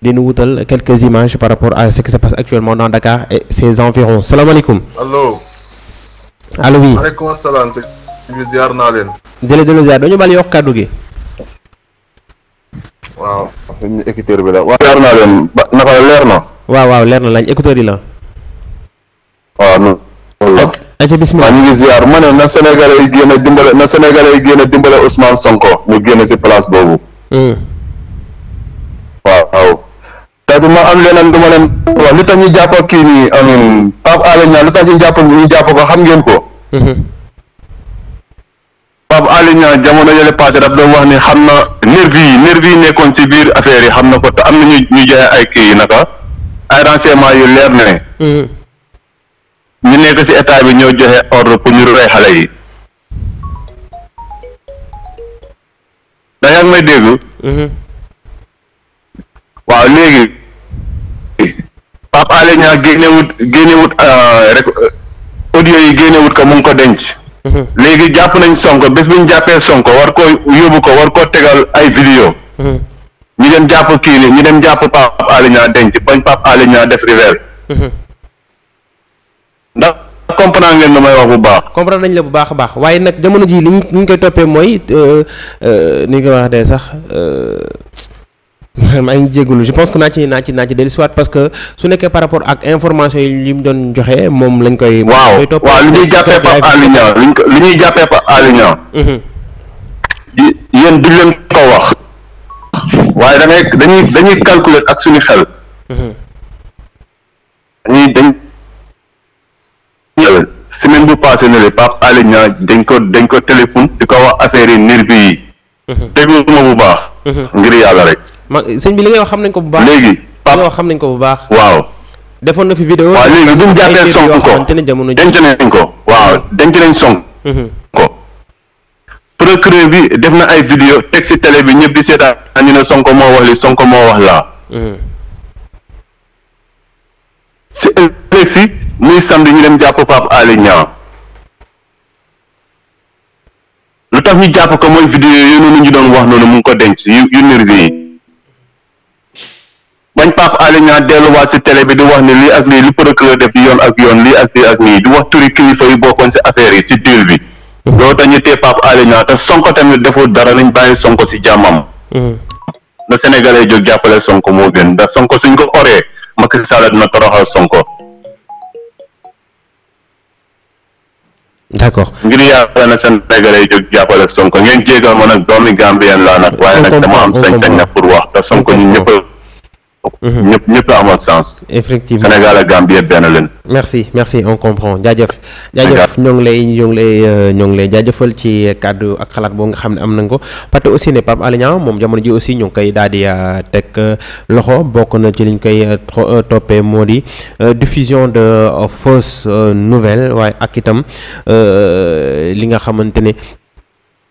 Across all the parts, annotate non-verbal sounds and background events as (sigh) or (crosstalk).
dina wutal quelques images par rapport à ce qui se passe actuellement dans Dakar et ses environs salaamaaleykum. allo. allo oui maaleykum salaam. ñu ziar naa leen. jële delloo ziar dañu bal yokk kàddu gi. waaw. dañu écouteur bi la waaw ziar naa leen ba naka la leer na. waaw waaw leer na lañ écouteur yi la. waaw noonu. loolu la bismillah ñu ngi ziar ma ne na Sénégalais yi génne dimbale na Sénégalais yi génne dimbale Ousmane Sonko mu génne ci place boobu. Hmm. te du ma am leneen du ma leen wax tax ñu jàpp kii nii Pape Alé Niang li tax ñu jàpp ko xam ngeen ko. Mhm. Pape Alé Niang jamono yële passé daf doon wax ni xam na nervi yi nervi yi nekkoon si biir affaire yi xam na ko te am na ñu ñu joxe ay kii yi naka ay renseignement yu leer na ne. Mhm. ñu nekk si état bi ñoo joxe ordre pour ñu rey xale yi. da yaa may dégg. Mhm. waaw léegi Niang génnewut génnewut euh, euh, audio yi génnewut ko mu ngi ko denc mhm. léegi jàpp nañ Sonko bés bu ñu jàppee Sonko war ko yóbbu ko war ko tegal ay vidéo mhm. ñu dem jàpp kii ni ñu dem jàpp Pape Alé Niang denc bañ Pape Alé Niang def river mhm. ndax comprendre ngeen lu may wax bu baax comprendre nañ la bu baax baax waaye nag jamono ji li ñu koy toppee mooy euh, ni nga wax dee sax (laughs) maa ngi jégalu je pense que naa ci naa ci naa ci parce que su nekkee par rapport ak information yi li mu doon joxe moom lañ koy. waaw waaw li ñuy jàppee Pape Alé Niang li ñuy jàppee Pape Alé Niang. yéen du leen ko wax. waaye da dañuy dañuy calculer ak suñu xel. Mm-hmm. dañuy dañ. semaine bu passé ne le dañ ko dañ ko téléphone di ko wax affaire yi nervi yi. Mm-hmm. déglu bu baax. Mm-hmm. ngir yàlla rek. ma sëñ bi li ngay wax xam nañ ko bu baax. léegi Pape xam nañ ko bu baax. waaw. defoon na fi vidéo. waaw léegi bu ñu jàppee sonk ko denc nañ ko waaw mm-hmm. denc nañ sonk ko. Mm-hmm. procureur bi def na ay vidéo teg ci télé bi ñëpp di seetaan ñu ne sonko moo wax li sonko moo wax laa. Mm-hmm. si ëllëg si muy samedi ñu dem jàpp Pape Alé ñaar lu tax ñu jàpp ko mooy vidéo yooyu noonu ñu doon wax noonu mu ngi ko denc yu yu nervi bañ Pape Alé Niang delluwaat si télé bi di wax ni lii ak lii li procureur def yoon ak yoon lii ak lii ak nii di wax turi kilifa yi bokkoon si affaire yi si deal bi loolu tax ñu tee Pape Alé Niang te Sonko tamit deful dara lañ bàyyi Sonko si jàmmam mm-hmm. na Sénégalais jóg jàppale Sonko moo gën ndax Sonko suñ ko xoree Macky Sall na toroxal Sonko d' accord ngir yàlla na Sénégalais yi jóg jàppale Sonko ngeen jégal ma nag doomi Gambien laa nag waaye nag dama am sañ-sañ nag pour wax Mhm. ñëpp ñëpp a amal sens. effectivement Sénégal ak Gambie yëpp benn leen. merci merci on comprend jaajëf. jaajëf ñoo ngi lay ñoo ngi lay euh, ñoo ngi lay jaajëfal ci kàddu ak xalaat boo nga xam ne am nañ ko parce que aussi ne Pape Alé Niang moom jamono ji aussi ñu koy daal di euh, teg euh, loxo bokk na ci liñ koy toppee moo di diffusion de fausse nouvelle waaye ak itam li nga xamante ne.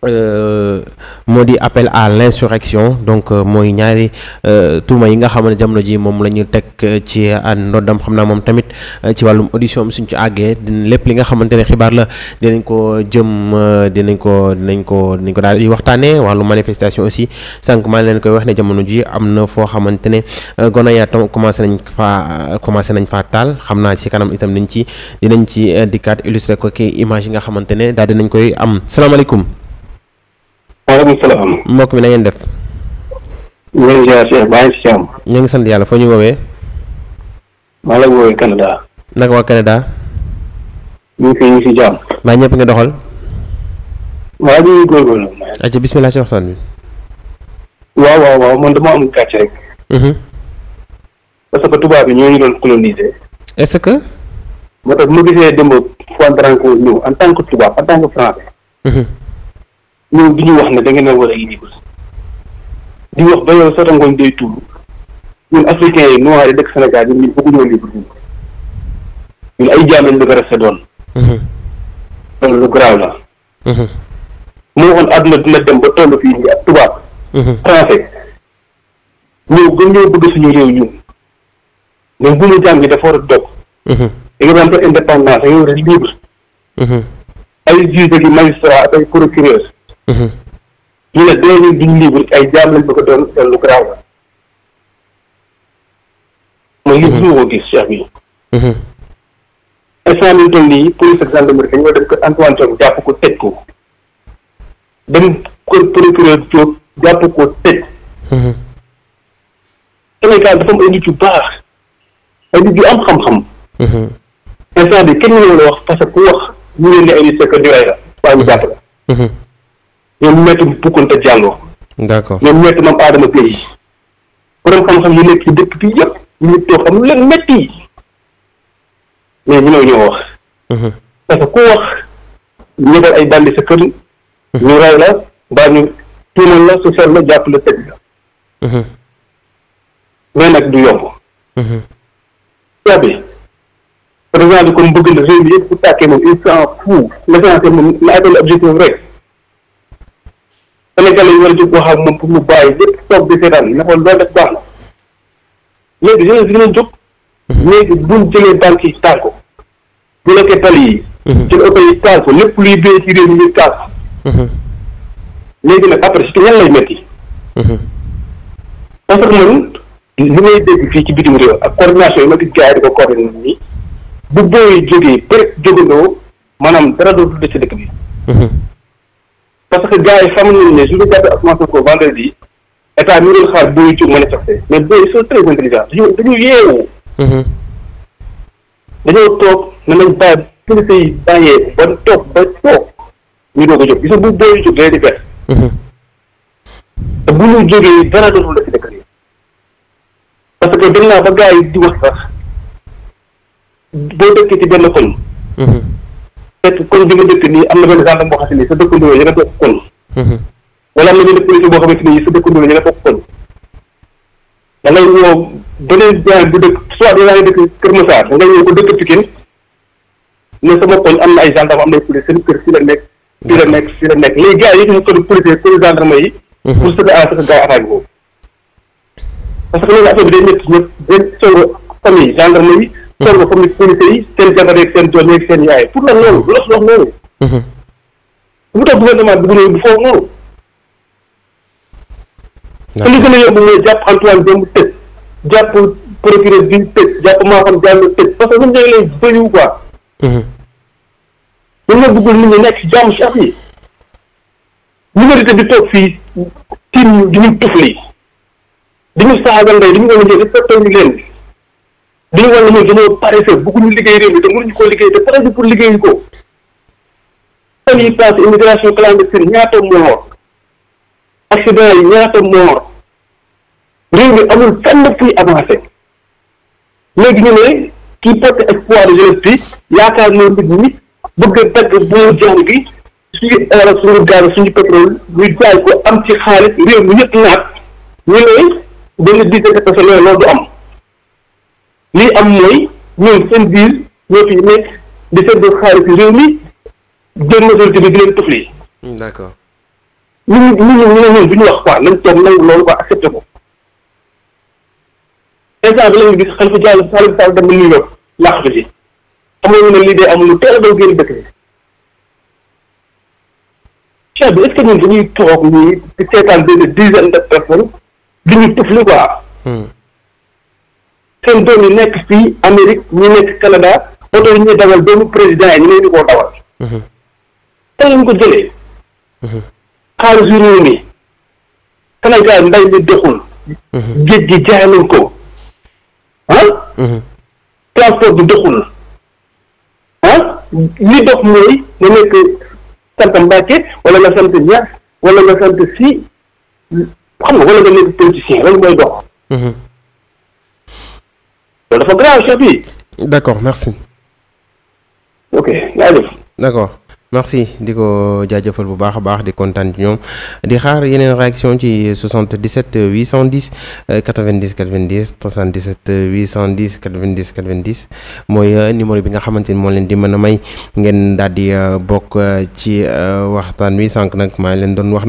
Euh, moo di appel à l'insurrection donc euh, mooy ñaari euh, tuuma yi nga xam ne jamono ji moom la ñu teg ci ndoddam xam naa moom tamit ci wàllum audition am suñ ci àggee lépp li nga xamante ne xibaar la dinañ ko jëm dinañ ko dinañ ko dinañ ko daal di waxtaanee wàllu manifestation aussi sànq maa leen koy wax ne jamono ji am na foo xamante ne gone yaa tam commencé nañ faa commencé nañ faa taal xam naa ci kanam itam nañ ci dinañ ci dikkaat illustré ko kii image yi nga xamante ne daal dinañ koy am salaamaaleykum waaleykum salaam. mbokk mi na ngeen def. ñu ngi baa ngi si jàmm. ñu ngi sant yàlla foo ñu woowee. maa la woowee Canada. naka waa Canada. ñu ngi fi ñu ngi jàmm. maa ñëpp nga doxal. waaw ñu ngi góorgóorlu. ayca bisimilah si waxtaan bi. waaw waaw waaw man dama am gàcce rek. Mhm. parce que tubaab bi ñoo ñu doon coloniser. est-ce que. moo tax bu ma gisee démb Juan Branco ñëw en tant que tubaab en tant que français. Mhm. ñoom du ñu wax ne da ngeen a war a yéegul di wax ba yow sa rangoñ day tuur ñun africains yi noir yi dëkk Sénégal yi ñun bëgguñoo libre ñun ay jaam lañ bëgg a mhm. lu grave la. moo mhm. waxoon àdduna dina dem ba toll fii nii ak tubaab. Mhm. français ñoo gën ñoo bëgg suñu réew ñun mais bu ñu jàng dafa war a dog. da nga daan indépendance da nga a libre. ay juge ak magistrat ak ay procureur ñu ne deux mille duñ ay jaam lañ bëgg a doon te lu garaaw la. mooy li ñu ko gis cheikh bi. instant bi ñu toll nii police ak gendarmerie dañoo dem kër Antoine ko tëj ko dem kër procureur Diop jàpp ko dafa am ay nit yu baax ay nit yu am xam-xam. instant bi kenn mënul la wax parce que ku wax ñu ne ay nit c'est la waaye ñu jàpp la. ñoom maître Boukounta Diallo. d'accord ñoom maître Mame Adama Gueye borom xam-xam yi nekk dëkk bi yëpp ñu ngi toog xam lu leen métti mais ñu ñoo wax. Mhm. parce que ku wax ñëbal ay bandi sa kër. Mhm. ñu rey la mbaa ñu tuumal la su la jàpp la tëj la. Mhm. mais nag du yomb. bi président bi comme bëgg na réew mi yëpp tàkkee moom il s'en fout l'essentiel moom na atteindre objectif rek. Sénégalais yi war a jóg wax moom pour mu bàyyi lépp toog di seetaan na ko loolu def baax na léegi jeunesse bi dina jóg. Mhm. léegi buñ jëlee tànk yi taal ko. bu nekkee yi. Mhm. jël oto ko lépp luy béy ci réew mi ñu taal ko. Mhm. léegi nag après surtout ñan may dégg fii ci bitim réew ak coordination yi ma gis gars yi di ko coordonné nii bu booyee jógee peut être jógandoo maanaam dara dootul des ci dëkk bi. parce que gars yi xam nañu ne jour bi gàtt Ousmane Sonko vendredi état mi ngi xaar bu ñu jóg mën a coxte mais booy ils sont très intelligents dañu dañu yeewu. Mhm. dañoo toog ne nañ bàyyi police yi bàyyee ba toog ba toog ñu doog a jóg gis nga bu booy jóg day di mhm. bu ñu jógee dara dootul la ci dëkk yi parce que dem ba gars di wax sax boo dëkkee ci benn koñ. Mhm. fekk kon bi nga dëkk nii am na benn gendarme boo xam ne sa dëkkandoo ya nga toog kon wala am na benn police boo xamante ni sa dëkkandoo ya nga toog kon da ngay dëkk soit da ngay dëkk Kër ne sama koñ am na ay gendarme am na ay police seen kër fii la nekk fii la nekk fii la nekk léegi gars yi ñu mhm. ko police kër gendarme yi pour se à saka gaaw attaque boobu parce que loolu affaire bi day métti ñëpp famille gendarme yi toll comme ni comité yi seen jabar yeeg seen doom yeeg seen yaay pour lan loolu mhm. lu la wax noonu. bu tax gouvernement bi bu bu foofu noonu. te li gën a yóbbu mooy jàpp Antoine Diome tëj jàpp procureur bi tëj jàpp maa xam jàll tëj parce que ñun dañu lay bëriwu quoi. Mhm. ñun ñoo bëggul nit ñi nekk si jàmm si at yi. minorité bi toog fii tiim di ñu tufli di ñu saaga ndey di ñu wala njëkk di fekk leen. li ñu war a mën dañoo paresseux bëgguñu liggéey réew mi te mënuñu koo liggéey te pare pour liggéeyu ko. fan yi place immigration clandestine ñaata moor moor réew mi amul fenn fuy avancé léegi ñu ne kii porte espoir de jeunesse bi yaakaar naa nit ñi bëgg a dagg boo jàng bi suñu or suñu gaz suñu pétrole ñu jaay ko am ci xaalis réew mi ñëpp naat ñu ne benn dizaine de loolu am. lii am mooy ñoom seen biir ñoo fi di seetlu xaalis réew mi jël majorité bi di leen tufli. Hmm, d'accord ñu ñu ñu ne ñun bu ñu wax quoi nañ toog nangu loolu quoi accepté ko. instant bi la ñu gis Khalifa Diallo Sall ci xamoo ne am lu teel a daw génn dëkk bi. di seetaan benn dizaine di ñu tufli quoi. Hmm. seen doom yi nekk fii Amérique ñu nekk Canada oto yi ñuy dawal doomu président yi ñu ne ñu koo dawal. tey mhm. lañ ko jëlee. Mhm. xaalis yu réew mi Sénégal mbay mi doxul. Mhm. géej gi jaay nañ ko ah. transport bi doxul ah li dox mooy nga nekk sant Mbàkke wala nga sant Ñas wala nga sant si xam nga wala nga nekk politicien loolu mooy dox. loolu bi. d' accord merci. ok jaajëf. d' di ko jaajafal bu baax a baax di kontaan ci ñoom di xaar yeneen réaction ci 77 810 90 90 77 810 90 90 mooy euh, numéro bi nga xamante ni moo leen di mën a may ngeen daal di euh, bokk euh, ci waxtaan wi sànq nag maa leen doon wax.